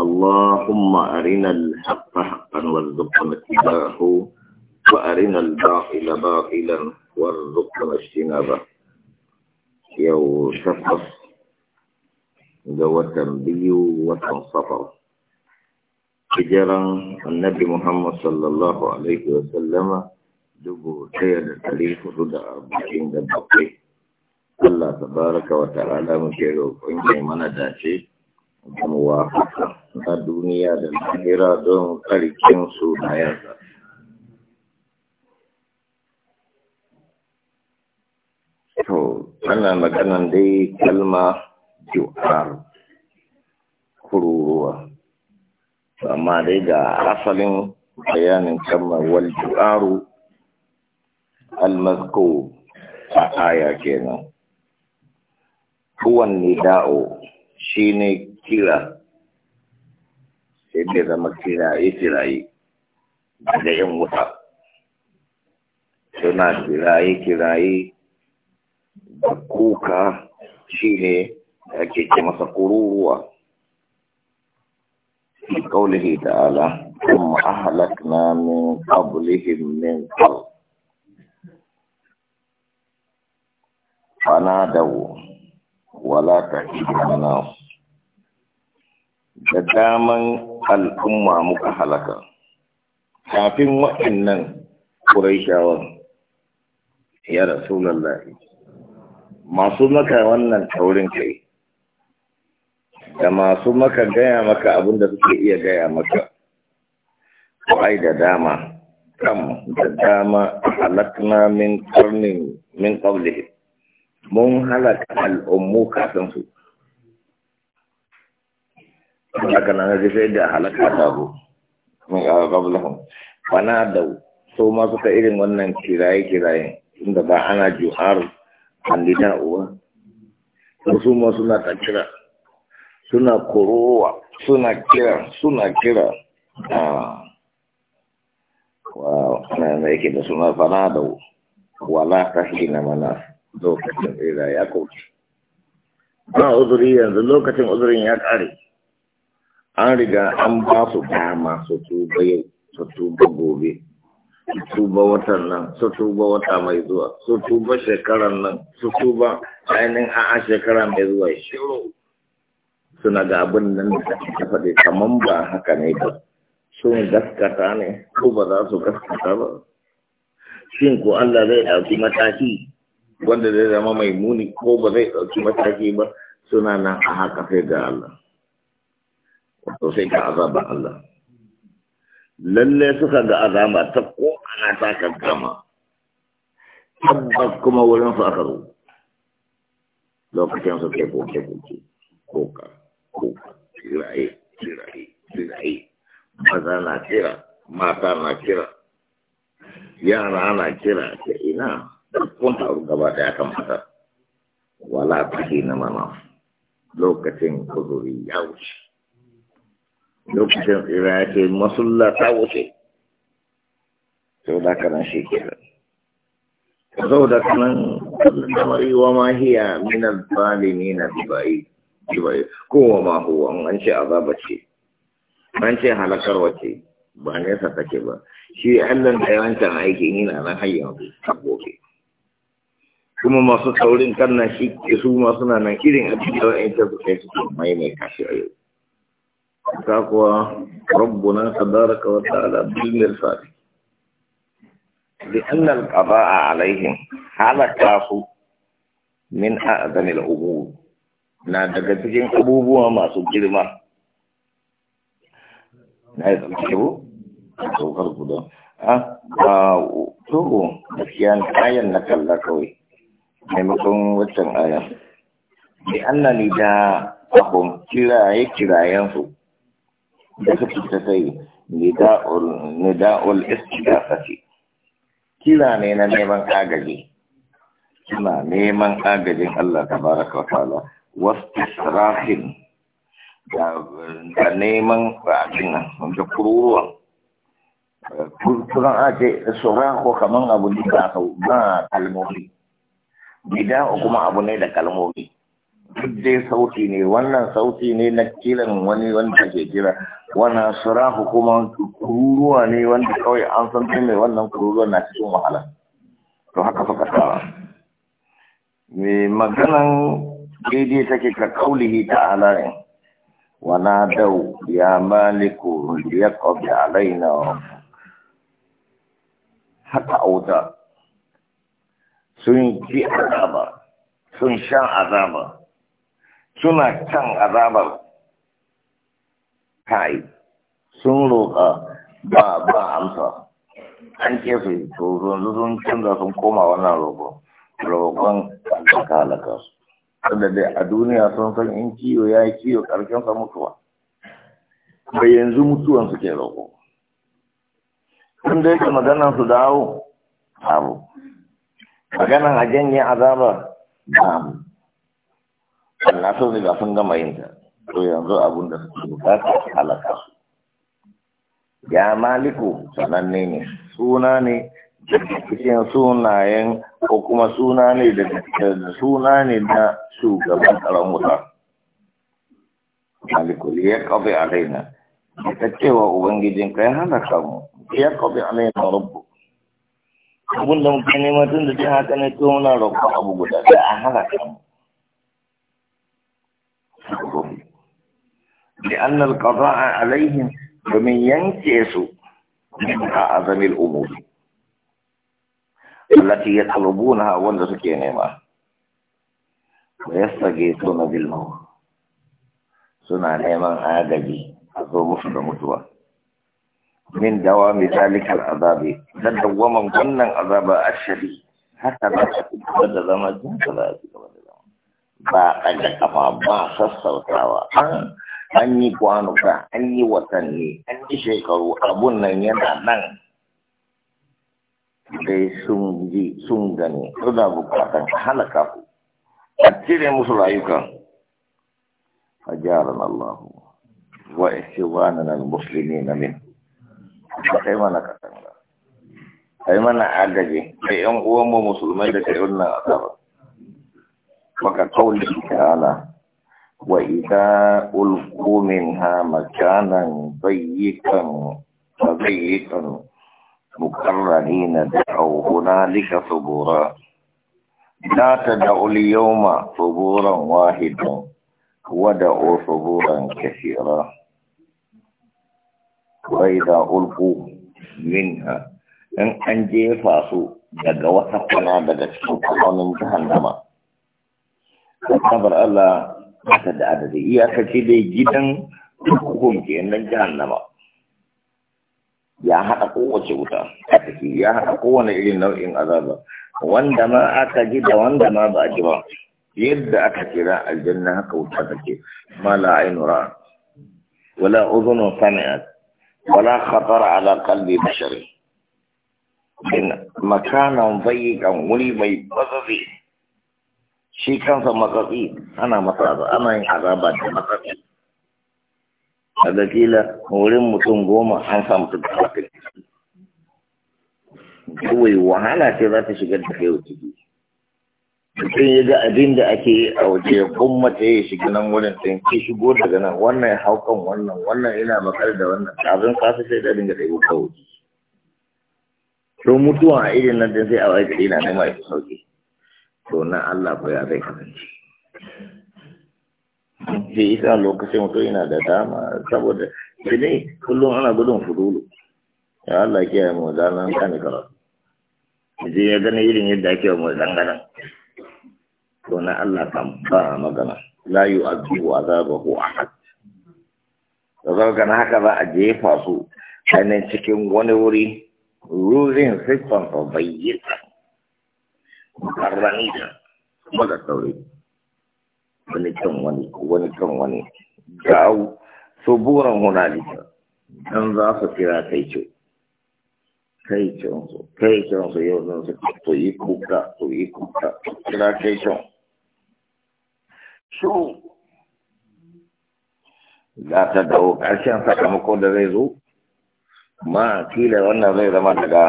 اللهم أرنا الحق حقا وارزقنا اتباعه وأرنا الباطل باطلا وارزقنا اجتنابه يو شخص دوة بيو وتنصفر hijiran annabi Muhammad sallallahu Alaihi wasallama dubu ɗaya da ɗari hudu da arba'in da bakwai. Allah tabaraka wa ta'ala muke roƙon mana dace da muwafaka na duniya da lahira don na sunayensa. To, ana maganan dai kalma ju'ar kururuwa. Amma dai ga asalin bayanin kalmar wal ju'aru al-mazkur a aya kenan. Huwan nida'u shine kira sai da zama kira ya fi raye da yin wuta suna fi raye kiraye da kuka shi ake ce masa kururuwa a kaulihi da ala kuma a halak na min abulihin min kal da wala ta hidimina da daman al'umma muka halaka kafin waɗannan ƙuraishawan ya rasulallah masu maka wannan taurin kai da masu maka gaya maka abin da suke iya gaya maka ai da dama kam da dama halakna min karnin min ƙaule mun halaka al'ummu kafin su haka nan ga sai da halaka ta zo mun ga qablahum fana da so ma suka irin wannan kiraye kiraye inda ba ana juhar andida uwa su ma suna ta kira suna korowa suna kira suna kira ah, wa ana ne yake da suna fana da wala ta tahina mana lokacin tsira ya kauce ba uzuri yanzu lokacin uzurin ya kare an riga an ba su dama su tuba yau su tuba gobe su tuba watan nan su tuba wata mai zuwa su tuba shekaran nan su tuba ainihin a shekara mai zuwa shiru suna ga abin nan da ta faɗi kamar ba haka ne ba sun gaskata ne ko ba za su gaskata ba shin ko Allah zai ɗauki mataki wanda zai zama mai muni ko ba zai ɗauki mataki ba suna nan a haka sai ga Allah to sai ka azaba Allah lalle suka ga azama ta ko ana ta kaggama tabbas kuma wurin su aka zo lokacin su kai koke koke koka koka tiraye tiraye tiraye maza na kira mata na kira yara na kira ta ina kun taru gaba da kan mata wala ta na mana lokacin kuzuri ya wuce lokacin tsira ya ce masulla ta wuce sau da kanan shi ke sau da kanan kallon damari wa mahiya minan zalimi na bibayi kowa mahu huwa an ce azaba ce an ce halakar wace ba nesa take ba shi allon da yawancin aikin yana nan hanyar yanzu kuma masu saurin kanna shi su masu na nan irin abin da wa'yanci su kai su mai mai kashi a yau hatta kuwa rabbuna tabaraka wa ta'ala bil mirsad li anna al qada'a alaihim halaka su min a'zami al umur na daga cikin abubuwa masu girma na yi tsamci bu saukar gudan a tuhu gaskiya ayan na kalla kawai maimakon waccan ayan bi annani da abun kiraye su? da suke ta sai nida'ul istigafati kira ne na neman agaji suna neman agajin Allah tabaraka wa ta'ala wastisrahin da da neman agajin nan da kururuwan kuran ake ko kaman abu ka ba kalmomi bida kuma abu ne da kalmomi duk dai sauti ne wannan sauti ne na kiran wani wanda ke kira wannan surahu kuma kururuwa ne wanda kawai an san tun wannan kururuwa na cikin wahala to haka suka tsara mai maganan daidai take ka kaulihi ta halaye? wana dau ya maliku liyaqab alaina haka auta sun ji azaba sun sha azaba suna kan azabar kai sun roƙa ba ba amsa an kefe to yanzu sun canza sun koma wannan roƙon roƙon ka halaka su tunda dai a duniya sun san in kiyo ya yi kiyo ƙarshen sa mutuwa bai yanzu mutuwan su ke roƙo sun dai ka maganan su dawo abu maganan a janye azabar babu Allah sun riga sun gama yin ta to yanzu abun da suke bukata halaka su ya maliku sananne ne suna ne cikin sunayen ko kuma suna ne da suna ne na shugaban karan wuta maliku ya kabe alaina ta cewa ubangijin kai halaka mu ya kabe alaina rubu abun da muka nema tun da cin haka ne to muna roƙon abu guda da a halaka mu لأن القضاء عليهم فمن ينكس من أعظم الأمور التي يطلبونها والركينما ويستغيثون بالموت سنة نيمان آدبي أظلم مفتمتوا من دوام ذلك العذاب تدوما كنا عذاب الشديد حتى za تكون kuma da zama jin ka za su gaba da zama ba a ɗaga an yi kwanuka an yi watanni an yi shekaru abun nan yana nan dai sun ji sun gani suna bukatan halaka ku a cire musu rayukan jaran Allah wa nan musulmi na min kai mana katanga kai mana agaji kai yan uwan mu musulmai da kai wannan asaba maka kauli ta'ala wa idan ulku minha makanan zayyikan na mukarranina da'au hunalika subura la tad'u al-yawma suburan wahidan wa da'u suburan kathira wa idan ulku minha in an jefa su daga wata kwana daga cikin kwanan jahannama Allah ba da adadi dai gidan hukum kenan jahannama ya haɗa kowace wuta a ciki ya haɗa kowane irin nau'in azaba wanda ma aka ji da wanda ma ba a ji ba yadda aka kira aljanna haka wuta take ma la ainura wala udhunu sami'at wala khatara ala qalbi bashar in makanan bayyikan wuri mai bazazi. shi kansa matsatsi ana masa ana yin azaba da matsatsi a kila wurin mutum goma an samu mutum talatin kawai wahala ce za ta shigar da kai wuce mutum ya ga abin da ake yi a waje kuma ta yi shiga nan wurin ɗin ke shigo daga nan wannan ya hau kan wannan wannan yana makar da wannan kafin kasa sai da dinga ɗaiɓo kawai don mutuwa a irin nan sai a wajen ina nema ya sauke to na Allah ba ya zai kasance da isa lokacin mutum yana da dama saboda sai kullum ana gudun fudulu ya Allah ke yi mu zanen kani karatu je ya gani irin yadda ake mu dangana to na Allah kan ba magana la yu'adhibu azabahu ahad to ga kana haka za a jefa su kanin cikin wani wuri ruling system of bayyana karranita maka sauri wani kan wani wani kan wani gawo so buran hunalika dan za su kira kai ce kai ce su kai ce su zan su to yi kuka to yi kuka kira kai ce Shu. za ta dawo ƙarshen sakamako da zai zo ma kila wannan zai zama daga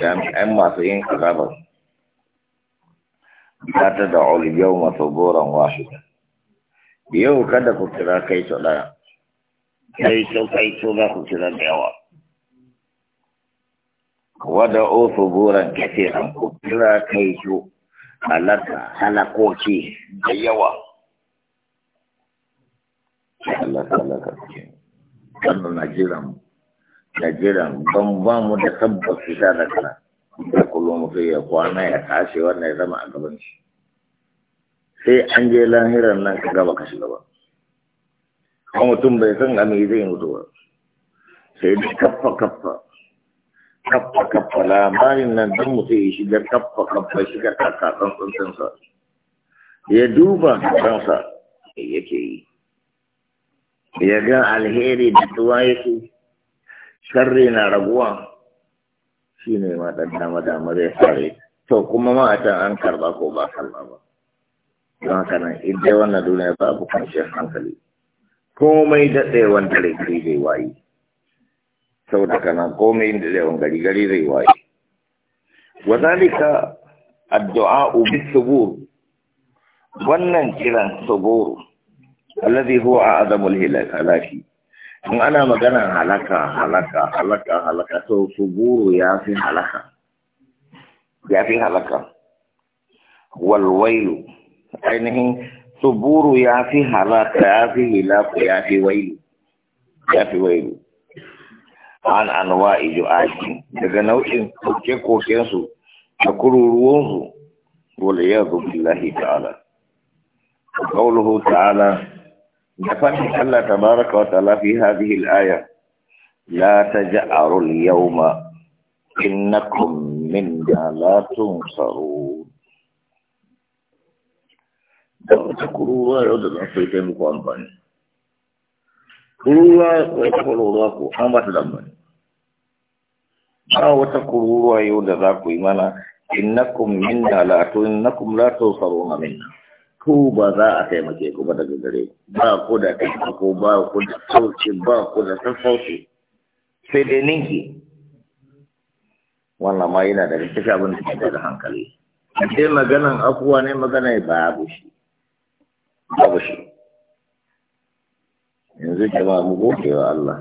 jami'an masu yin azabar la ta da uliyau masu goron wahida yau kada ku kira kai to daya kai to kai to za ku kira da yawa wada o su goron an ku kira kai to halatta halakoki da yawa halaka na jiran na ba mu da tabbas da kana da kullum mutum ya kwana ya tashi wannan ya zama a gaban shi sai an je lahiran nan ka gaba ka shiga ba kuma mutum bai san a me zai mutu ba sai da kaffa kaffa kaffa kaffa labarin nan don mutum ya shiga kaffa kaffa shiga kaka tsantsantansa ya duba kansa yake yi ya ga alheri da tuwa yake sharri na raguwa shi ne ma ɗan dama dama zai fare to kuma ma a can an karba ko ba karba ba don haka nan idan wannan duniya babu kwanciyar hankali komai daɗewan dare gari zai wayi saboda kana komai daɗewan gari gari zai wayi wazalika addu'a ubi subur wannan kiran subur alladhi huwa azamul hilal alafi in ana maganar halaka halaka halaka halaka to suburu ya fi halaka ya fi halaka walwailu ainihin suburu ya fi halaka ya fi hilaku ya fi wailu ya fi wailu an anwa ijo aji daga nau'in koke-kokensu da kururuwansu wale ya zo billahi ta'ala قوله فمن الله تبارك وتعالى في هذه الآية لا تجأروا اليوم إنكم منا لا تنصرون تذكروا الله يعد الأصيبين مقام بني الله ويدخلوا الله أما ذاك إنكم منا لا تنصرون منا ko ba za a taimake ku ba daga gare ba ku da taimako ba ku da sauki ba ku da sassauci sai dai ninki wannan ma yana daga cikin abin da ke da hankali sai maganan afuwa ne magana babu shi babu shi yanzu jama'a mu gode wa Allah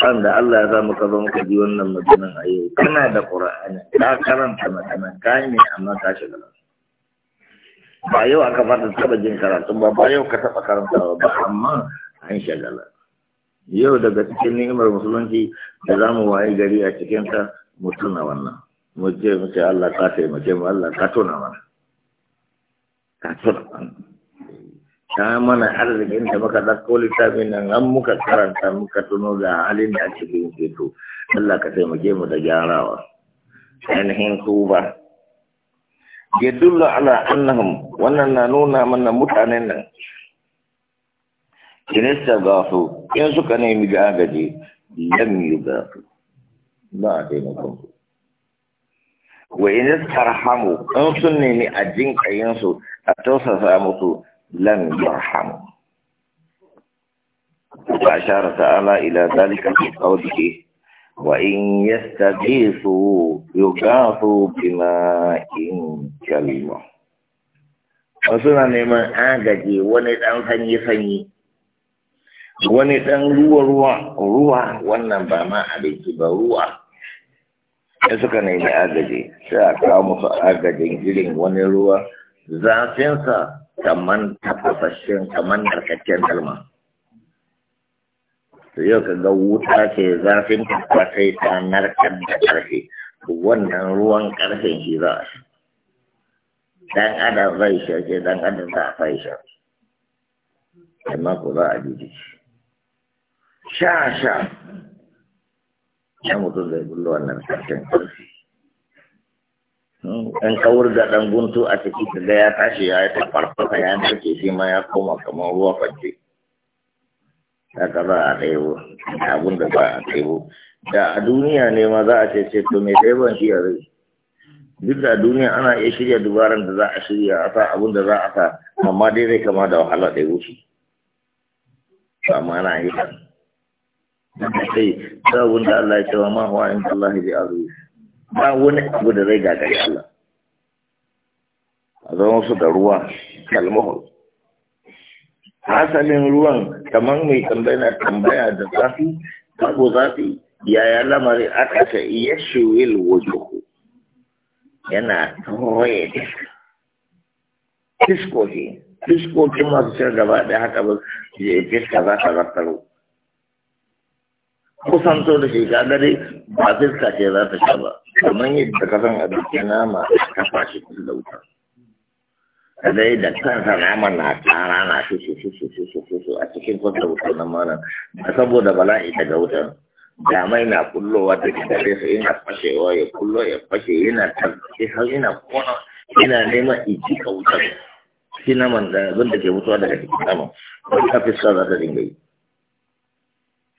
kan da Allah ya zama ka zama ka ji wannan maganan a yau kana da Qur'ani ka karanta magana ka ne amma ka shiga lafiya ba yau aka fara taba jin karatun ba ba yau ka taba karanta ba amma an shagala yau daga cikin ni'imar musulunci da za mu waye gari a ta mu tuna wannan mu ce mu ce Allah ka taimake mu Allah ka tuna mana ka tuna mana ta mana arzikin da muka ɗauko littafin nan an muka karanta muka tuno da halin da ake cikin to Allah ka taimake mu da gyarawa ainihin tuba ya dulla ala annahum wannan na nuna mana mutanen nan in istaghafu in suka nemi agaji lam yughafu ba dai na kun wa in istarhamu in sun nemi ajin kayan su a tausasa musu lam yarhamu ba shara ta ala ila zalika qawlihi وإن يستغيثوا يغاثوا بماء كالمه suna neman agaji wani ɗan sanyi-sanyi wani ɗan ruwa-ruwa ruwa wannan ba ma abinci ba ruwa ya suka nemi agaji sai a kawo musu agajin jirin wani ruwa zafinsa kamar tafasashen kamar narkakken kalma yau ka ga wuta ce zafin ta sai ta narkar da ƙarfe wannan ruwan ƙarfen shi za a shi dan adam zai shauke dan adam za a fai shauke amma ku za a jiji sha sha ya mutum zai bullo wannan ƙarfen ƙarfe ɗan kawar da ɗan guntu a ciki ka ga ya tashi ya yi ta farfasa ya take shi ma ya koma kamar ruwa fanci ka ba a ɗaiwo da abin da ba a ɗaiwo da a duniya ne ma za a ce ce to mai ɗaiwon shi a rai duk da duniya ana iya shirya dubaran da za a shirya a sa abin da za a sa amma dai zai kama da wahala ɗaiwo su amma ana yi da sai sabon da Allah ya ce wa mahuwa huwa in Allah ya azu ba wani abu da zai gagari Allah a zama su da ruwa kalmahul hasalin ruwan kamar mai tambaya tambaya da zafi tabo zafi yaya lamari aka ta iya shiwil wajuhu yana tawaye disko fiskoki masu cin gaba da haka ba fiska za ta zartaro kusanto da shi dare ba fiska ce za ta sha ba kamar yadda kasan san abin nama shi kusa da wutar zai da kansa naman na tsara na shushu shi shi shi a cikin kwanta wutar na mana ba saboda bala'i daga wutar damai na kullowa da dare su ina fashewa ya kullo ya fashe yana tabbace har ina kona yana neman iji ka wutar shi naman da abin da ke mutuwa daga cikin sama wani ta sa za ta dinga yi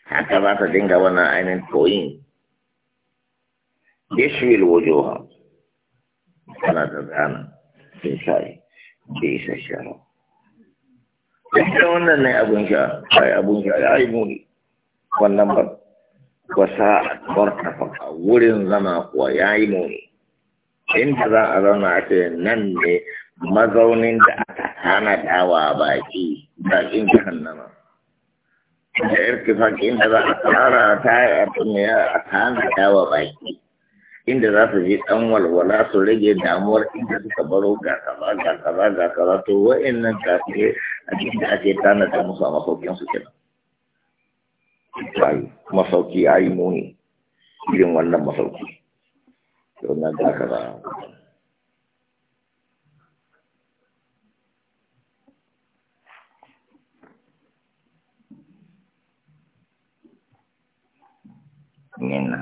haka za ta dinga wannan ainihin toyin yashwil wujuha tana da zana sai sha'i bisa shara ita wannan ne abun sha ai abun sha ai muni wannan ba wasa a wurin zama kuwa ya yi muni inda za a zauna a ce nan ne mazaunin da aka hana dawa baki bakin jahannama da irtifaki inda za a tsara ta yi a tuniya a hana dawa baki inda za su ji ɗan walwala su rage damuwar inda suka baro ga kaza ga kaza ga kaza to wa'annan kafirai a cikin da ake da musu a mafaukin su kenan bayi masauki ayi muni irin wannan masauki to na ga kaza Nena.